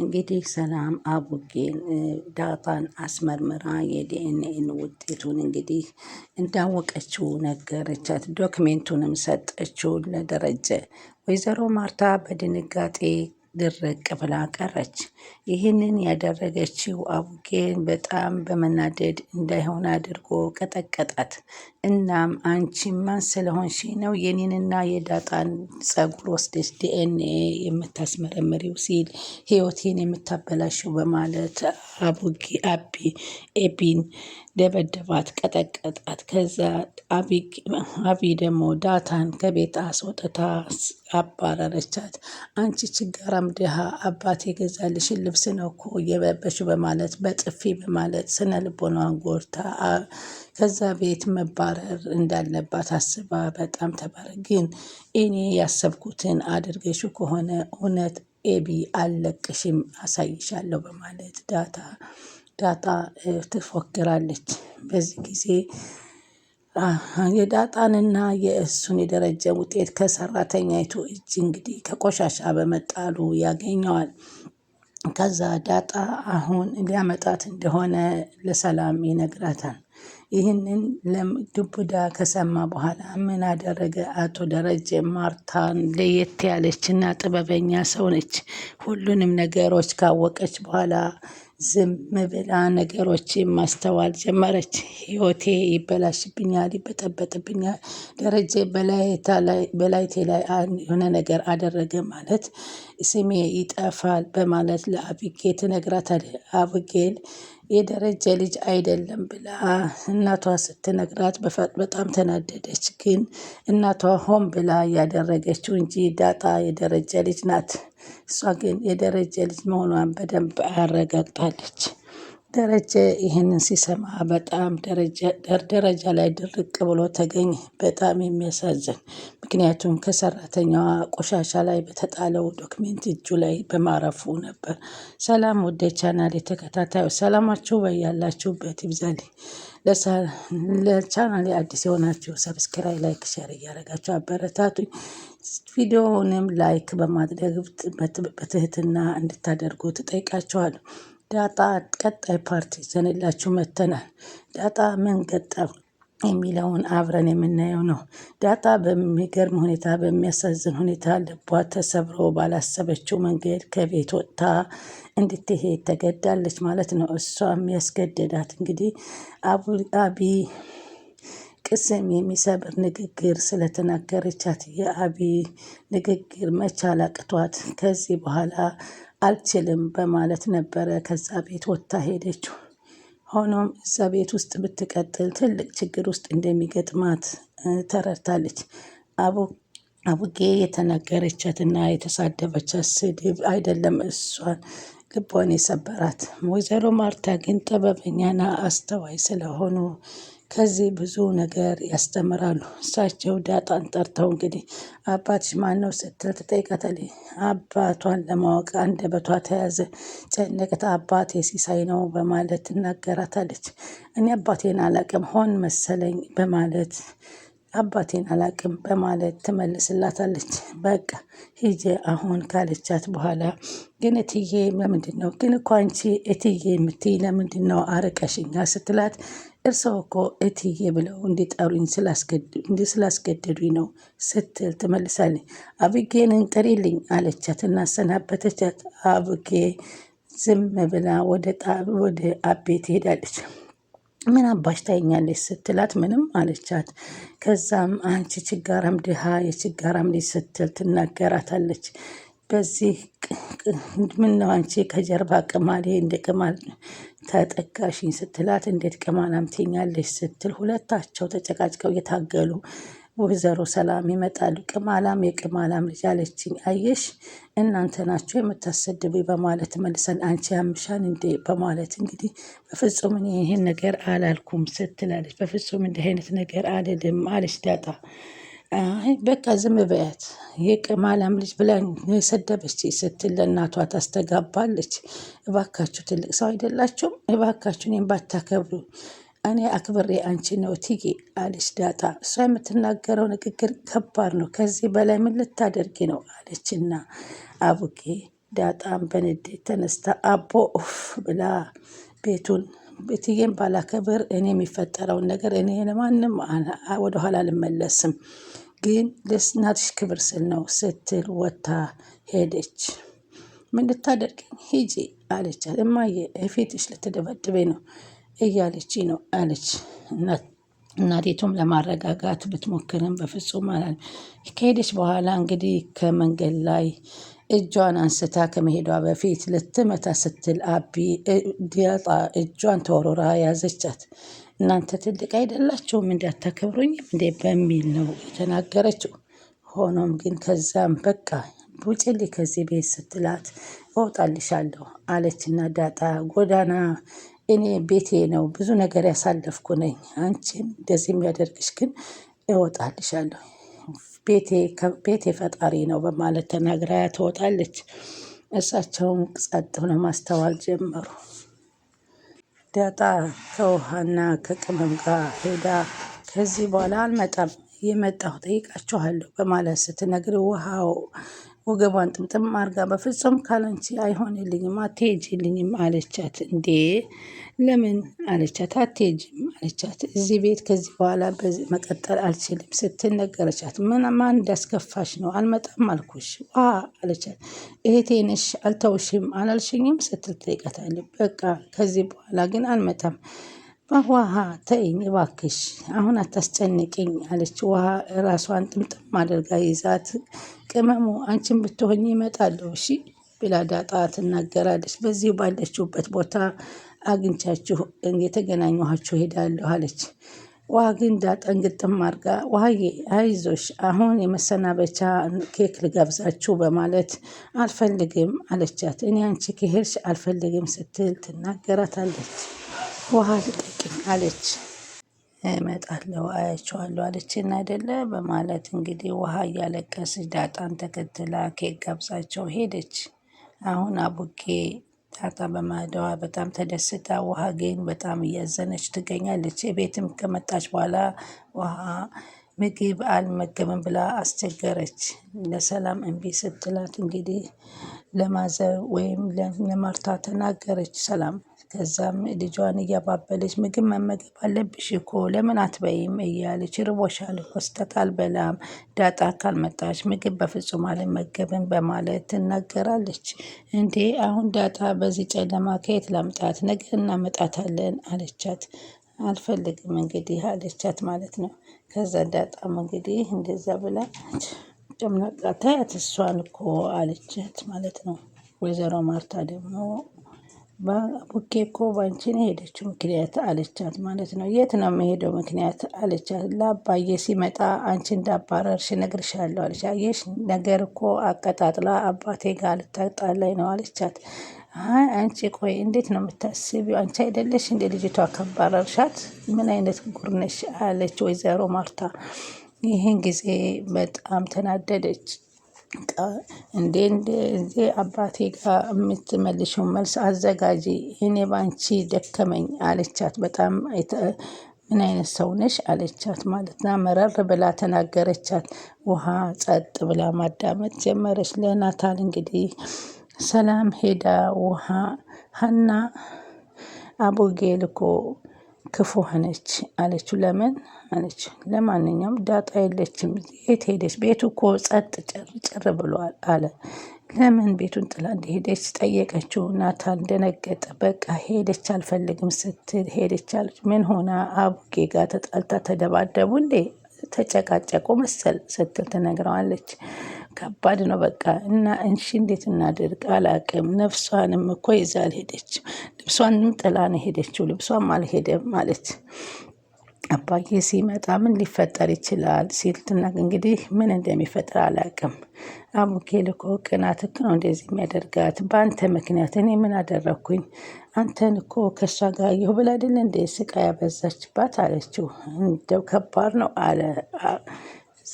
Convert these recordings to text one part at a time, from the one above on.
እንግዲህ ሰላም አቡጌል ዳጣን አስመርምራ የዲኤንኤን ውጤቱን እንግዲህ እንዳወቀችው ነገረቻት። ዶክሜንቱንም ሰጠችው ለደረጀ። ወይዘሮ ማርታ በድንጋጤ ድርቅ ብላ ቀረች። ይህንን ያደረገችው አቡጌን በጣም በመናደድ እንዳይሆን አድርጎ ቀጠቀጣት። እናም አንቺ ማን ስለሆንሽ ነው የኔንና የዳጣን ጸጉር ወስደሽ ዲኤንኤ የምታስመረምሪው ሲል ህይወቴን የምታበላሽው በማለት አቡጌ አቢ ኤቢን ደበደባት፣ ቀጠቀጣት። ከዛ አቢ ደግሞ ዳታን ከቤት አስወጥታ አባረረቻት። አንቺ ችጋራም ድሃ አባት የገዛልሽን ልብስ ነው እኮ እየበበሹ በማለት በጥፊ በማለት ስነ ልቦናዋን ጎድታ ከዛ ቤት መባረር እንዳለባት አስባ በጣም ተባረ። ግን እኔ ያሰብኩትን አድርገሹ ከሆነ እውነት ኤቢ አልለቅሽም፣ አሳይሻለሁ በማለት ዳታ ዳጣ ትፎክራለች። በዚህ ጊዜ የዳጣንና የእሱን የደረጀ ውጤት ከሰራተኛይቱ እጅ እንግዲህ ከቆሻሻ በመጣሉ ያገኘዋል። ከዛ ዳጣ አሁን ሊያመጣት እንደሆነ ለሰላም ይነግራታል። ይህንን ለድቡዳ ከሰማ በኋላ ምን አደረገ? አቶ ደረጀ ማርታን ለየት ያለች እና ጥበበኛ ሰው ነች። ሁሉንም ነገሮች ካወቀች በኋላ ዝም ብላ ነገሮች ማስተዋል ጀመረች። ህይወቴ ይበላሽብኛል፣ ይበጠበጥብኛል። ደረጀ በላይቴ ላይ የሆነ ነገር አደረገ ማለት ስሜ ይጠፋል በማለት ለአብጌ ትነግራታለች። አብጌል የደረጀ ልጅ አይደለም ብላ እናቷ ስትነግራት በጣም ተናደደች። ግን እናቷ ሆን ብላ ያደረገችው እንጂ ዳጣ የደረጀ ልጅ ናት። እሷ ግን የደረጀ ልጅ መሆኗን በደንብ አረጋግጣለች። ደረጀ ይህንን ሲሰማ በጣም ደረጃ ላይ ድርቅ ብሎ ተገኘ። በጣም የሚያሳዝን ምክንያቱም ከሰራተኛዋ ቆሻሻ ላይ በተጣለው ዶክሜንት እጁ ላይ በማረፉ ነበር። ሰላም ወደ ቻናል የተከታታዩ ሰላማችሁ በያላችሁበት ይብዛል። ለቻናል አዲስ የሆናችሁ ሰብስክራይ፣ ላይክ፣ ሸር እያደረጋችሁ አበረታቱ። ቪዲዮውንም ላይክ በማድረግ በትህትና እንድታደርጉ ትጠይቃችኋለሁ። ዳጣ ቀጣይ ፓርቲ ዘንላችሁ መተናል። ዳጣ ምን ገጠም የሚለውን አብረን የምናየው ነው። ዳጣ በሚገርም ሁኔታ በሚያሳዝን ሁኔታ ልቧ ተሰብሮ ባላሰበችው መንገድ ከቤት ወጥታ እንድትሄድ ተገዳለች ማለት ነው። እሷም ያስገደዳት እንግዲህ አቢ ቅስም የሚሰብር ንግግር ስለተናገረቻት የአቢ ንግግር መቻል አቅቷት ከዚህ በኋላ አልችልም በማለት ነበረ ከዛ ቤት ወጥታ ሄደችው። ሆኖም እዛ ቤት ውስጥ ብትቀጥል ትልቅ ችግር ውስጥ እንደሚገጥማት ተረድታለች። አቡጌ የተናገረቻትና የተሳደበቻት ስድብ አይደለም እሷን ልቧን የሰበራት። ወይዘሮ ማርታ ግን ጥበበኛና አስተዋይ ስለሆኑ ከዚህ ብዙ ነገር ያስተምራሉ። እሳቸው ዳጣን ጠርተው እንግዲህ አባትሽ ማን ነው ስትል ትጠይቃታለች። አባቷን ለማወቅ አንደበቷ ተያዘ። ጨነቀት። አባቴ ሲሳይ ነው በማለት ትናገራታለች። እኔ አባቴን አላቅም ሆን መሰለኝ በማለት አባቴን አላቅም በማለት ትመልስላታለች። በቃ ሂጄ አሁን ካለቻት በኋላ ግን እትዬ ለምንድን ነው ግን እኮ አንቺ እትዬ የምትይ ለምንድን ነው አርቀሽኛ ስትላት እርሰው እኮ እትዬ ብለው እንዲጠሩኝ ስላስገደዱኝ ነው ስትል ትመልሳለች። አብጌንን ጥሪልኝ አለቻት እና ሰናበተቻት። አብጌ ዝም ብላ ወደ አቤ ትሄዳለች። ምን አባሽ ታይኛለች ስትላት ምንም አለቻት። ከዛም አንቺ ችጋራም ድሃ የችጋራም ልጅ ስትል ትናገራታለች። በዚህ ምነው አንቺ ከጀርባ ቅማሌ እንደ ቅማል ተጠጋሽኝ ስትላት እንዴት ቅማል አምተኛለሽ ስትል ሁለታቸው ተጨቃጭቀው እየታገሉ ወይዘሮ ሰላም ይመጣሉ። ቅማላም የቅማላም ልጅ አለችኝ። አየሽ እናንተ ናችሁ የምታሰድቡ በማለት መልሰን አንቺ ያምሻን እንዴ በማለት እንግዲህ በፍጹም ይህን ነገር አላልኩም ስትላለች። በፍጹም እንዲህ አይነት ነገር አልልም አለች ዳጣ በቃ ዝም በያት የቅማላም ልጅ ብላ የሰደበች ስትል ለእናቷ ታስተጋባለች። እባካችሁ ትልቅ ሰው አይደላችሁም? እባካችሁ እኔም ባታከብሩ እኔ አክብሬ አንቺ ነው ትዬ አለች ዳጣ። እሷ የምትናገረው ንግግር ከባድ ነው። ከዚህ በላይ ምን ልታደርጊ ነው አለችና አቡጌ ዳጣም በንዴት ተነስታ አቦ ኡፍ ብላ ቤቱን ቤትዬን ባላከብር እኔ የሚፈጠረውን ነገር እኔ ለማንም ወደኋላ አልመለስም። ግን ለእናትሽ ክብር ስል ነው ስትል ወታ ሄደች። ምን ልታደርገኝ ሂጂ አለቻት። እማዬ ፊትሽ ልትደበድበኝ ነው እያለች ነው አለች። እናቴቱም ለማረጋጋት ብትሞክርም በፍጹም አላለም። ከሄደች በኋላ እንግዲህ ከመንገድ ላይ እጇን አንስታ ከመሄዷ በፊት ልትመታ ስትል አቢ ዲያጣ እጇን ተወርውራ ያዘቻት። እናንተ ትልቅ አይደላችሁም እንዳታከብሩኝም እንዴ በሚል ነው የተናገረችው። ሆኖም ግን ከዛም በቃ ውጭሊ ከዚህ ቤት ስትላት እወጣልሻለሁ አለችና ዳጣ ጎዳና እኔ ቤቴ ነው ብዙ ነገር ያሳለፍኩ ነኝ። አንቺን እንደዚህ የሚያደርግሽ ግን እወጣልሻለሁ ቤቴ ፈጣሪ ነው በማለት ተናግራ ትወጣለች። እሳቸውም ጸጥ ሆነ ማስተዋል ጀመሩ። ዳጣ ከውሃና ከቅመም ጋር ሄዳ ከዚህ በኋላ አልመጣም የመጣሁ ጠይቃችኋለሁ በማለት ስትነግር ውሃው ወገቧን ጥምጥም አርጋ በፍጹም ካላንቺ አይሆንልኝም፣ አትሄጂልኝም አለቻት። እንዴ ለምን አለቻት። አትሄጂም አለቻት። እዚህ ቤት ከዚህ በኋላ መቀጠል አልችልም ስትል ነገረቻት። ምን ማን እንዳስከፋሽ ነው? አልመጣም አልኩሽ ዋ አለቻት። እህቴ ነሽ አልተውሽም አላልሽኝም ስትል ጠይቃታለች። በቃ ከዚህ በኋላ ግን አልመጣም ውሃ ተይኝ እባክሽ አሁን አታስጨንቅኝ አለች። ውሃ ራሷን ጥምጥም አድርጋ ይዛት ቅመሙ አንቺን ብትሆኝ ይመጣለሁ እሺ ብላ ዳጣ ትናገራለች። በዚህ ባለችሁበት ቦታ አግኝቻችሁ የተገናኘኋችሁ ሄዳለሁ አለች። ውሃ ግን ዳጣን ግጥም አድርጋ ውሃዬ አይዞሽ አሁን የመሰናበቻ ኬክ ልጋብዛችሁ በማለት አልፈልግም አለቻት። እኔ አንቺ ከሄድሽ አልፈልግም ስትል ትናገራታለች። ውሃ ልጠቅኝ አለች። እመጣለሁ አያቸዋለሁ አለችን አይደለ በማለት እንግዲህ ውሃ እያለቀስች ዳጣን ተከትላ ኬክ ጋብዛቸው ሄደች። አሁን አቡጌ ዳጣ በማደዋ በጣም ተደስታ፣ ውሃ ግን በጣም እያዘነች ትገኛለች። ቤትም ከመጣች በኋላ ውሃ ምግብ አልመገብም ብላ አስቸገረች። ለሰላም እምቢ ስትላት እንግዲህ ለማዘብ ወይም ለማርታ ተናገረች ሰላም ከዛም ልጇን እያባበለች ምግብ መመገብ አለብሽ እኮ ለምን አትበይም እያለች ርቦሻል እኮ ስተት አልበላም፣ ዳጣ ካልመጣች ምግብ በፍጹም አልመገብም በማለት ትናገራለች። እንዴ አሁን ዳጣ በዚህ ጨለማ ከየት ላምጣት? ነገ እናመጣታለን አለቻት። አልፈልግም እንግዲህ አለቻት ማለት ነው። ከዛ ዳጣም እንግዲህ እንደዛ ብላ ጨምናቃታ ያትሷን እኮ አለቻት ማለት ነው። ወይዘሮ ማርታ ደግሞ ቡኬ እኮ ባንቺ የሄደችው ምክንያት አለቻት ማለት ነው። የት ነው የሚሄደው ምክንያት አለቻት። ለአባዬ ሲመጣ አንቺ እንዳባረርሽ እነግርሻለሁ አለች። አየሽ ነገር እኮ አቀጣጥላ አባቴ ጋር ልታጣላኝ ነው አለቻት። አይ አንቺ ቆይ እንዴት ነው የምታስቢው? አንቺ አይደለሽ እንደ ልጅቷ ከባረርሻት ምን አይነት ጉርነሽ አለች ወይዘሮ ማርታ። ይህን ጊዜ በጣም ተናደደች። እንዴ እንዴ አባቴ ጋር የምትመልሽው መልስ አዘጋጂ፣ እኔ ባንቺ ደከመኝ አለቻት። በጣም ምን አይነት ሰው ነሽ አለቻት ማለት ና መረር ብላ ተናገረቻት። ውሃ ጸጥ ብላ ማዳመጥ ጀመረች። ለናታል እንግዲህ ሰላም ሄዳ ውሃ ሀና አቦጌል እኮ ክፉ ሆነች አለችው። ለምን አለች። ለማንኛውም ዳጣ የለችም፣ የት ሄደች? ቤቱ እኮ ጸጥ ጭር ብሏል አለ። ለምን ቤቱን ጥላ እንደሄደች ጠየቀችው። ናታን ደነገጠ። በቃ ሄደች አልፈልግም ስትል ሄደች አለች። ምን ሆና አቡጌ ጋር ተጣልታ ተደባደቡ እንዴ ተጨቃጨቁ መሰል ስትል ትነግረዋለች። ከባድ ነው በቃ እና እንሺ እንዴት እናደርግ አላቅም። ነፍሷንም እኮ ይዛ አልሄደች፣ ልብሷንም ጥላ ነው ሄደችው፣ ልብሷም አልሄደም ማለት አባዬ ሲመጣ ምን ሊፈጠር ይችላል ሲል ትናቅ እንግዲህ ምን እንደሚፈጥር አላውቅም። አቡኬ ልኮ ቅናትክ ነው እንደዚህ የሚያደርጋት በአንተ ምክንያት እኔ ምን አደረግኩኝ? አንተን እኮ ከእሷ ጋር ብላ ብላድል እንደ ስቃ ያበዛችባት አለችው። እንደው ከባድ ነው አለ።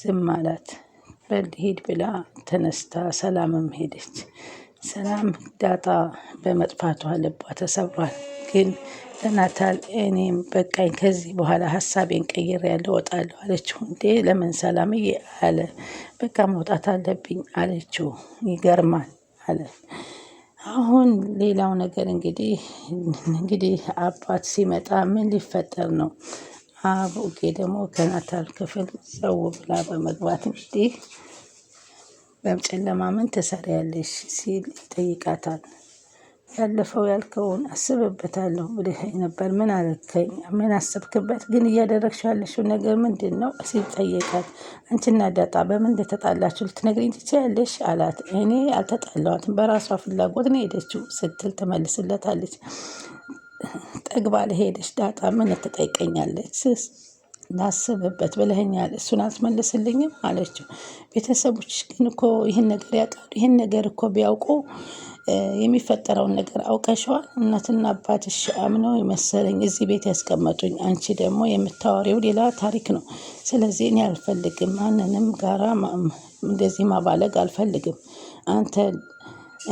ዝም አላት። በል ሂድ ብላ ተነስታ ሰላምም ሄደች። ሰላም ዳጣ በመጥፋቷ ልቧ ተሰብሯል ግን ለናታል እኔም በቃኝ፣ ከዚህ በኋላ ሀሳቤን ቀይር ያለው እወጣለሁ አለችው። እንዴ ለምን ሰላምዬ አለ። በቃ መውጣት አለብኝ አለችው። ይገርማል አለ። አሁን ሌላው ነገር እንግዲህ እንግዲህ አባት ሲመጣ ምን ሊፈጠር ነው? አቡጌ ደግሞ ከናታል ክፍል ሰው ብላ በመግባት እንግዲህ በጨለማ ምን ትሰሪያለሽ ሲል ይጠይቃታል። ያለፈው ያልከውን አስብበታለሁ ብለኸኝ ነበር። ምን አረከኝ? ምን አሰብክበት? ግን እያደረግሽ ያለሽው ነገር ምንድን ነው? ሲል ጠየቃት። አንቺና ዳጣ በምን እንደተጣላችሁ ልትነግሪኝ ትችያለሽ? አላት። እኔ አልተጣላኋትም፣ በራሷ ፍላጎት ነው ሄደችው ስትል ትመልስለታለች። ጠግባ ለሄደች ዳጣ ምን ትጠይቀኛለች? ላስብበት ብለኸኛል፣ እሱን አትመልስልኝም አለችው። ቤተሰቦች ግን እኮ ይህን ነገር ያውቃሉ። ይህን ነገር እኮ ቢያውቁ የሚፈጠረውን ነገር አውቀሸዋል። እናትና አባትሽ አምነው የመሰለኝ እዚህ ቤት ያስቀመጡኝ፣ አንቺ ደግሞ የምታወሪው ሌላ ታሪክ ነው። ስለዚህ እኔ አልፈልግም፣ ማንንም ጋራ እንደዚህ ማባለግ አልፈልግም። አንተ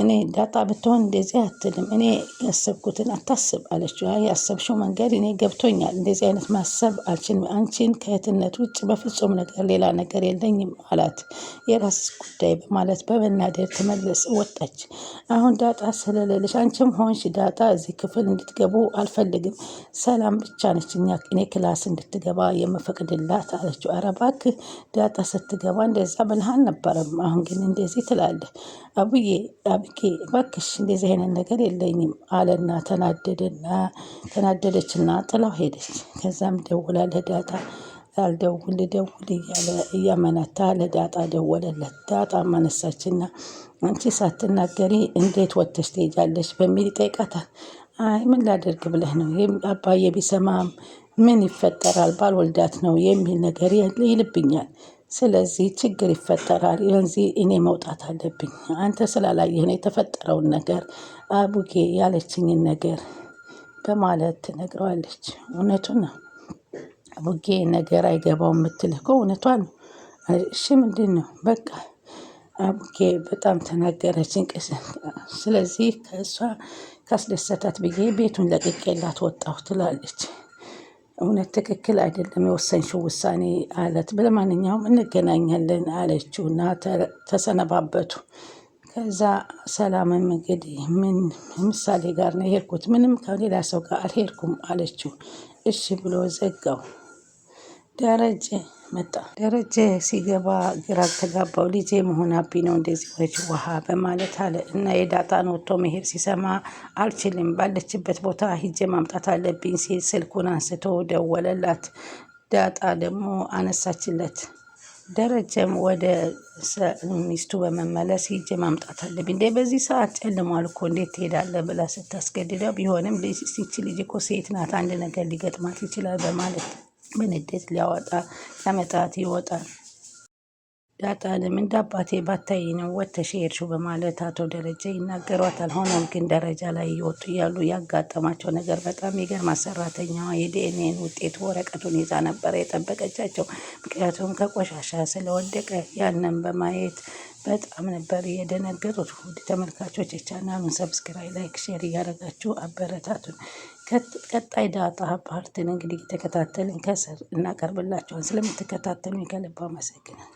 እኔ ዳጣ ብትሆን እንደዚህ አትልም። እኔ ያሰብኩትን አታስብ አለችው። አይ ያሰብሽው መንገድ እኔ ገብቶኛል። እንደዚህ አይነት ማሰብ አልችልም። አንቺን ከእህትነት ውጭ በፍጹም ነገር ሌላ ነገር የለኝም አላት። የራስ ጉዳይ በማለት በመናደር ትመለስ ወጣች። አሁን ዳጣ ስለሌለች አንቺም ሆንሽ ዳጣ እዚህ ክፍል እንድትገቡ አልፈልግም። ሰላም ብቻ ነች እኔ ክላስ እንድትገባ የምፈቅድላት አለችው። አረባክ እባክህ ዳጣ ስትገባ እንደዛ ብልሃን ነበረም አሁን ግን እንደዚህ ትላለህ አቡዬ አብኬ እባክሽ እንደዚህ አይነት ነገር የለኝም አለና ተናደደና ተናደደችና ጥላው ሄደች። ከዛም ደውላ ለዳጣ አልደውል ደውል እያለ እያመነታ ለዳጣ ደወለለት። ዳጣ ማነሳችና አንቺ ሳትናገሪ እንዴት ወጥተሽ ትሄጃለሽ በሚል ይጠይቃታል። አይ ምን ላደርግ ብለህ ነው አባዬ ቢሰማም ምን ይፈጠራል ባልወልዳት ነው የሚል ነገር ይልብኛል ስለዚህ ችግር ይፈጠራል። ለዚህ እኔ መውጣት አለብኝ። አንተ ስላላየህ ነው የተፈጠረውን ነገር አቡጌ ያለችኝን ነገር በማለት ትነግረዋለች። እውነቱን ነው። አቡጌ ነገር አይገባውም የምትልህ እኮ እውነቷ ነው። እሺ ምንድን ነው? በቃ አቡጌ በጣም ተናገረችኝ። ስለዚህ ከእሷ ካስደሰታት ብዬ ቤቱን ለቅቄላት ወጣሁ ትላለች። እውነት ትክክል አይደለም የወሰንሽው ውሳኔ አለት። በማንኛውም እንገናኛለን አለችው እና ተሰነባበቱ። ከዛ ሰላምም እንግዲህ ምን ምሳሌ ጋር ነው የሄድኩት? ምንም ከሌላ ሰው ጋር አልሄድኩም አለችው። እሺ ብሎ ዘጋው ደረጀ መጣ። ደረጀ ሲገባ ግራ ተጋባው። ልጄ መሆን አቢ ነው እንደዚህ ወጅ ውሃ በማለት አለ እና የዳጣን ወጥቶ መሄድ ሲሰማ አልችልም፣ ባለችበት ቦታ ሂጄ ማምጣት አለብኝ ሲል ስልኩን አንስቶ ደወለላት። ዳጣ ደግሞ አነሳችለት። ደረጀም ወደ ሚስቱ በመመለስ ሂጄ ማምጣት አለብኝ እንዴ በዚህ ሰዓት ጨልሟል እኮ እንዴት ትሄዳለህ? ብላ ስታስገድደው ቢሆንም ልጅ ሲች ልጅ እኮ ሴት ናት አንድ ነገር ሊገጥማት ይችላል በማለት በንዴት ሊያወጣ ለመጣት ይወጣል። ዳጣንም እንደ አባቴ ባታይ ነው ወጥተሽ የሄድሽው በማለት አቶ ደረጀ ይናገሯታል። ሆኖም ግን ደረጃ ላይ እየወጡ እያሉ ያጋጠማቸው ነገር በጣም ይገርማል። ሰራተኛዋ የዲኤንኤን ውጤት ወረቀቱን ይዛ ነበረ የጠበቀቻቸው። ምክንያቱም ከቆሻሻ ስለወደቀ ያንን በማየት በጣም ነበር የደነገጡት። ውድ ተመልካቾች የቻናሉን ሰብስክራይብ፣ ላይክ፣ ሼር እያደረጋችሁ አበረታቱን። ቀጣይ ዳጣ ፓርትን እንግዲህ ተከታተልን ከስር እናቀርብላችኋል። ስለምትከታተሉኝ ከልብ አመሰግናለሁ።